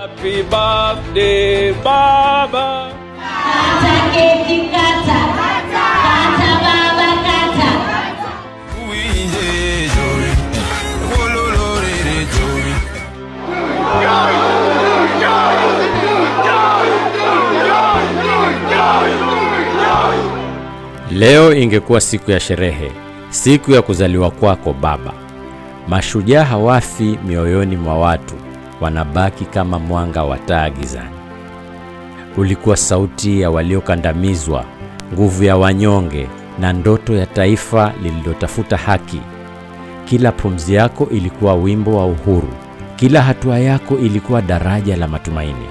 Happy birthday baba. Kata keki kata. Kata. baba kata. Uije jori. Wololore re jori. Jori. Jori. Jori. Jori. Leo ingekuwa siku ya sherehe, siku ya kuzaliwa kwako baba. Mashujaa hawafi mioyoni mwa watu wanabaki kama mwanga wa taa gizani. Ulikuwa sauti ya waliokandamizwa, nguvu ya wanyonge na ndoto ya taifa lililotafuta haki. Kila pumzi yako ilikuwa wimbo wa uhuru, kila hatua yako ilikuwa daraja la matumaini.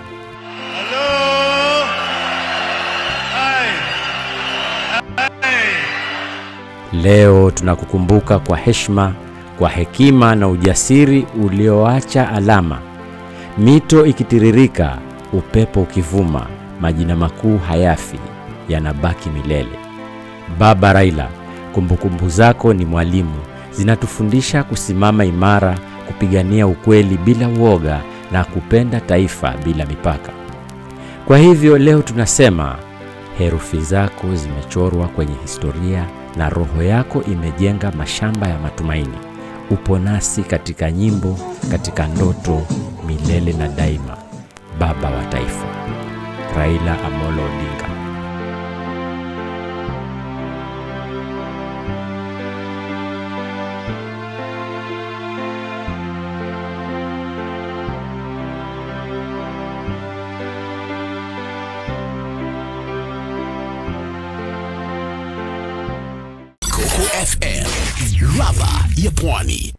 Leo tunakukumbuka kwa heshima, kwa hekima na ujasiri ulioacha alama mito ikitiririka, upepo ukivuma, majina makuu hayafi, yanabaki milele. Baba Raila, kumbukumbu zako ni mwalimu, zinatufundisha kusimama imara, kupigania ukweli bila uoga na kupenda taifa bila mipaka. Kwa hivyo leo tunasema herufi zako zimechorwa kwenye historia na roho yako imejenga mashamba ya matumaini. Upo nasi katika nyimbo, katika ndoto milele na daima, baba wa taifa, Raila Amolo Odinga. FM, ladha ya Pwani.